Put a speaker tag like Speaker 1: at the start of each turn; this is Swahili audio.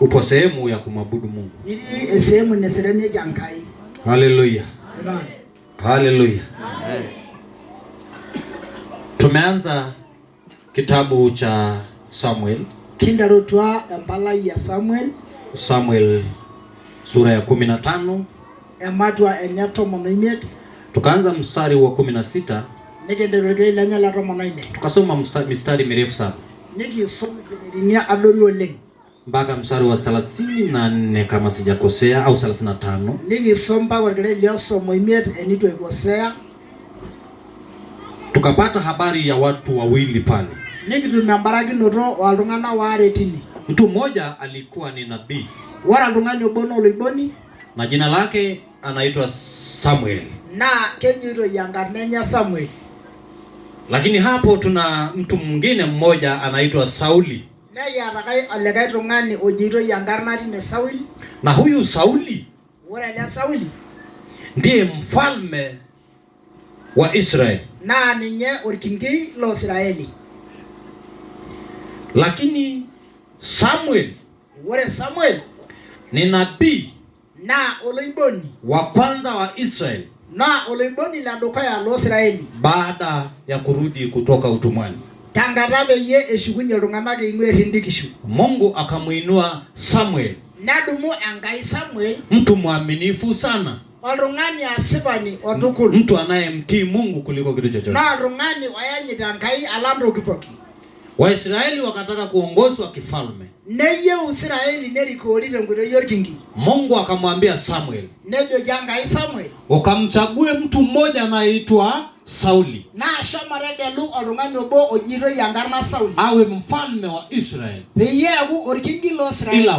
Speaker 1: Upo sehemu ya kumwabudu Mungu.
Speaker 2: Eh,
Speaker 1: Haleluya. Haleluya. Tumeanza kitabu cha Samuel.
Speaker 2: Kindarutwa empala ya Samuel.
Speaker 1: Samuel sura ya 15.
Speaker 2: Ematwa enya tomon na imiet.
Speaker 1: Tukaanza mstari wa 16.
Speaker 2: Nikenderoge ilanya la tomon na ine.
Speaker 1: Tukasoma mstari mirefu sana.
Speaker 2: Nikisoma jeninia adori oleng
Speaker 1: mpaka mstari wa 34 kama sijakosea, au 35
Speaker 2: nikisoma mpaka orgela iliyosomwa imiet enitu ikosea.
Speaker 1: Tukapata habari ya watu wawili pale,
Speaker 2: Niki nikitumia mbarakinoto waltung'anak wa retini.
Speaker 1: Mtu mmoja alikuwa ni nabii,
Speaker 2: Wala ndungani obo uliboni.
Speaker 1: na jina lake anaitwa Samuel
Speaker 2: na kenyu ito enye Samuel.
Speaker 1: Lakini hapo tuna mtu mwingine mmoja anaitwa Sauli
Speaker 2: Neyiatakae olikae tung'ani ojeitoi enkarna tine Sauli.
Speaker 1: Na huyu Sauli,
Speaker 2: ore ele Sauli
Speaker 1: ndiye mfalme wa israel
Speaker 2: naa ninye orkingi lo Israeli.
Speaker 1: Lakini Samuel,
Speaker 2: ore Samuel
Speaker 1: ni nabii
Speaker 2: naa oloiboni
Speaker 1: wa kwanza wa israel
Speaker 2: naa oloiboni la dukuya lo Israeli
Speaker 1: baada ya kurudi kutoka utumwani.
Speaker 2: Tangata ye eshukunye iltung'anak eing'ua hindikishu
Speaker 1: Mungu akamuinua Samuel.
Speaker 2: Nadumu angai Samuel,
Speaker 1: mtu mwaminifu sana,
Speaker 2: oltung'ani asipani otukul,
Speaker 1: mtu anayemtii Mungu kuliko kitu chochote,
Speaker 2: na oltung'ani oyanyita Enkai alamro kipoki
Speaker 1: Waisraeli wakataka kuongozwa kifalme.
Speaker 2: Neyieu Israeli nerikoori tenkoitoi yorkingi
Speaker 1: Mungu akamwambia Samuel,
Speaker 2: nejo jangai Samuel,
Speaker 1: ukamchague mtu mmoja anaitwa Sauli awe mfalme wa Israeli,
Speaker 2: ila